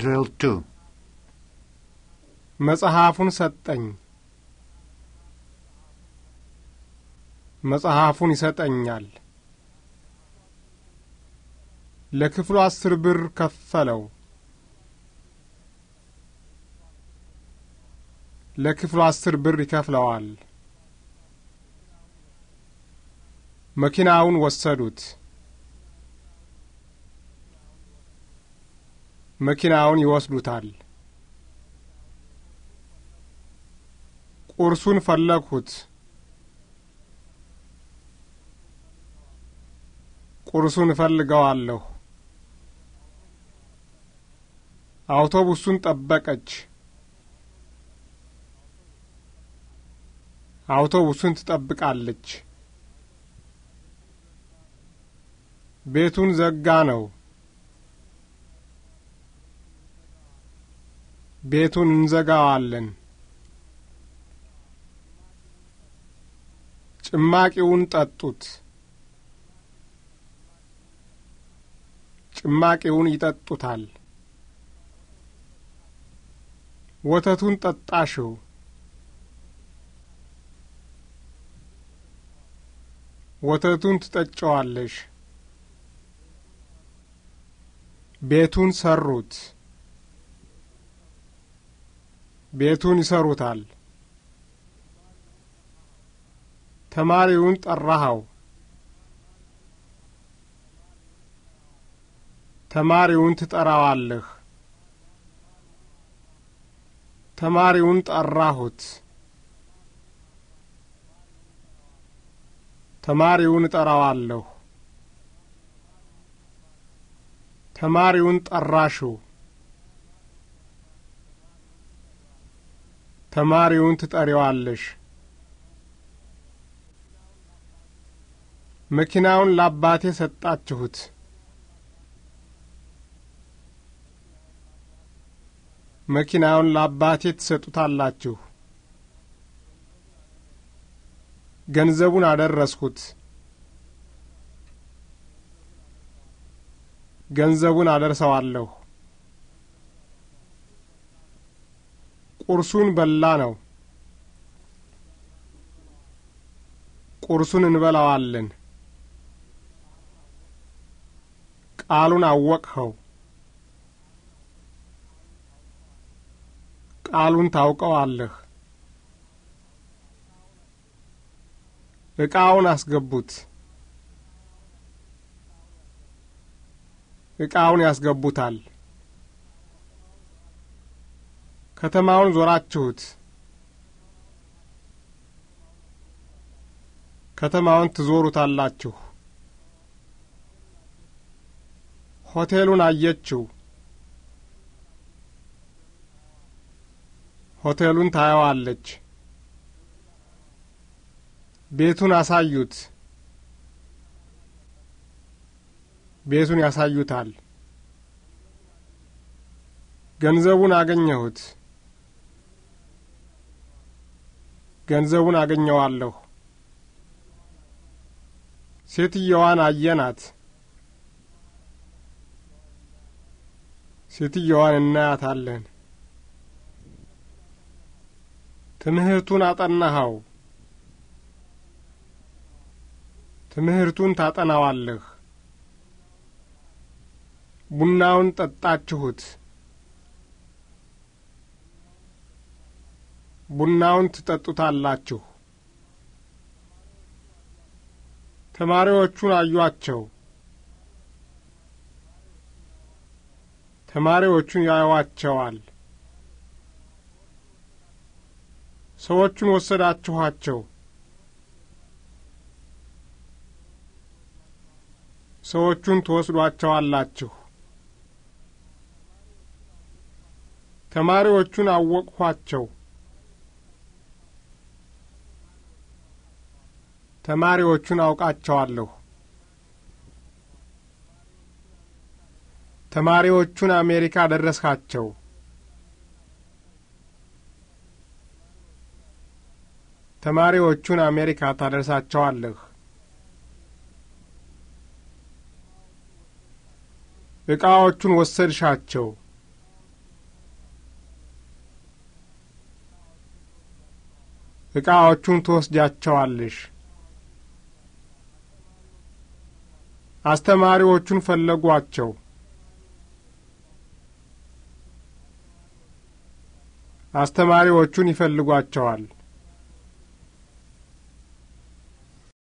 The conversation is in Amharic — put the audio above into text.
ድሪል ቱ መጽሐፉን ሰጠኝ። መጽሐፉን ይሰጠኛል። ለክፍሉ አስር ብር ከፈለው። ለክፍሉ አስር ብር ይከፍለዋል። መኪናውን ወሰዱት። መኪናውን ይወስዱታል። ቁርሱን ፈለግሁት። ቁርሱን እፈልገዋለሁ። አውቶቡሱን ጠበቀች። አውቶቡሱን ትጠብቃለች። ቤቱን ዘጋ ነው። ቤቱን እንዘጋዋለን። ጭማቂውን ጠጡት። ጭማቂውን ይጠጡታል። ወተቱን ጠጣሽው። ወተቱን ትጠጨዋለሽ። ቤቱን ሰሩት። ቤቱን ይሰሩታል። ተማሪውን ጠራኸው። ተማሪውን ትጠራዋለህ። ተማሪውን ጠራሁት። ተማሪውን እጠራዋለሁ። ተማሪውን ጠራሽው። ተማሪውን ትጠሪዋለሽ። መኪናውን ለአባቴ ሰጣችሁት። መኪናውን ለአባቴ ትሰጡታላችሁ። ገንዘቡን አደረስኩት። ገንዘቡን አደርሰዋለሁ። ቁርሱን በላ ነው። ቁርሱን እንበላዋለን። ቃሉን አወቅኸው። ቃሉን ታውቀዋለህ። ዕቃውን አስገቡት። ዕቃውን ያስገቡታል። ከተማውን ዞራችሁት። ከተማውን ትዞሩታላችሁ። ሆቴሉን አየችው። ሆቴሉን ታየዋለች። ቤቱን አሳዩት። ቤቱን ያሳዩታል። ገንዘቡን አገኘሁት። ገንዘቡን አገኘዋለሁ። ሴትየዋን አየናት። ሴትየዋን እናያታለን። ትምህርቱን አጠናኸው። ትምህርቱን ታጠናዋለህ። ቡናውን ጠጣችሁት። ቡናውን ትጠጡታላችሁ። ተማሪዎቹን አዩአቸው። ተማሪዎቹን ያዩዋቸዋል። ሰዎቹን ወሰዳችኋቸው። ሰዎቹን ትወስዷቸዋላችሁ። ተማሪዎቹን አወቅኋቸው። ተማሪዎቹን አውቃቸዋለሁ። ተማሪዎቹን አሜሪካ ደረስካቸው። ተማሪዎቹን አሜሪካ ታደርሳቸዋለህ። ዕቃዎቹን ወሰድሻቸው። ዕቃዎቹን ትወስጃቸዋለሽ። አስተማሪዎቹን ፈለጓቸው። አስተማሪዎቹን ይፈልጓቸዋል።